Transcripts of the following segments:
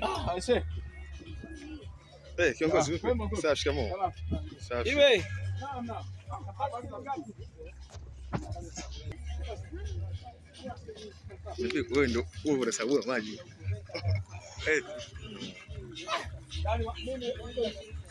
Ah, esse Ei, que eu ah, consigo. Você acha que é bom? Você acha? E aí? Não, não. Você ficou indo essa rua, Ei.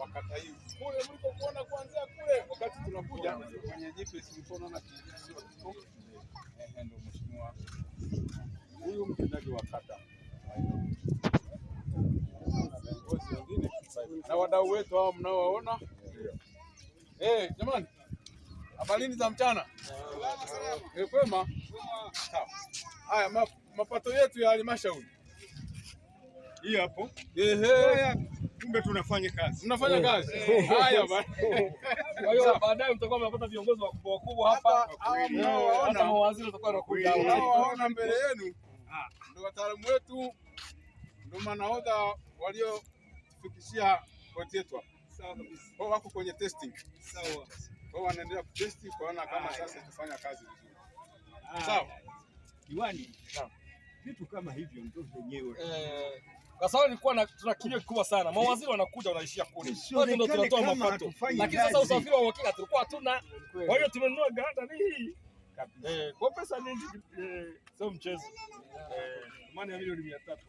wakata hii kule mlikokuona kuanzia kule, wakati tunakuja kwenye jipe silikonaona ndo mheshimiwa huyu mtendaji wa kata viongozi wengine na wadau wetu hao mnaowaona. Eh, jamani, habarini za mchana eh, kwema. Haya, mapato yetu ya halmashauri hii hapo. Ehe kumbe tunafanya kazi, tunafanya eh. kazi. Eh. Haya bwana, kwa hiyo baadaye mtakuwa mnapata viongozi wakubwa wakubwa hapa, hata eh. mawaziri watakuwa wanakuja, waona mbele yenu ah. ndio wataalamu wetu, ndio manahodha waliofikishia boti yetu hapa. wako kwenye testing. Sawa, wao wanaendelea kutesti kuona kama sasa tufanya kazi vizuri. Sawa diwani, sawa vitu kama hivyo ndio vyenyewe Kwa sababu nilikuwa na tuna kilio kikubwa sana, mawaziri wanakuja wanaishia kule, ndio tunatoa mapato, lakini sasa usafiri wa uhakika tulikuwa hatuna. Kwa hiyo tumenunua ganda hii eh, kwa pesa nyingi eh, sio mchezo eh, ya milioni mia tatu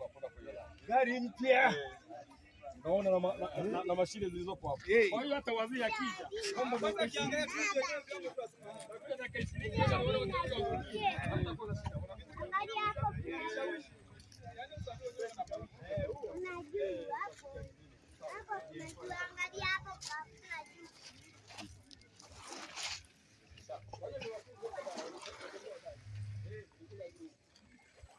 gari mpya naona na mashine zilizopo hapo. Kwa hiyo hata waziri akija kama akiangalia Thank you.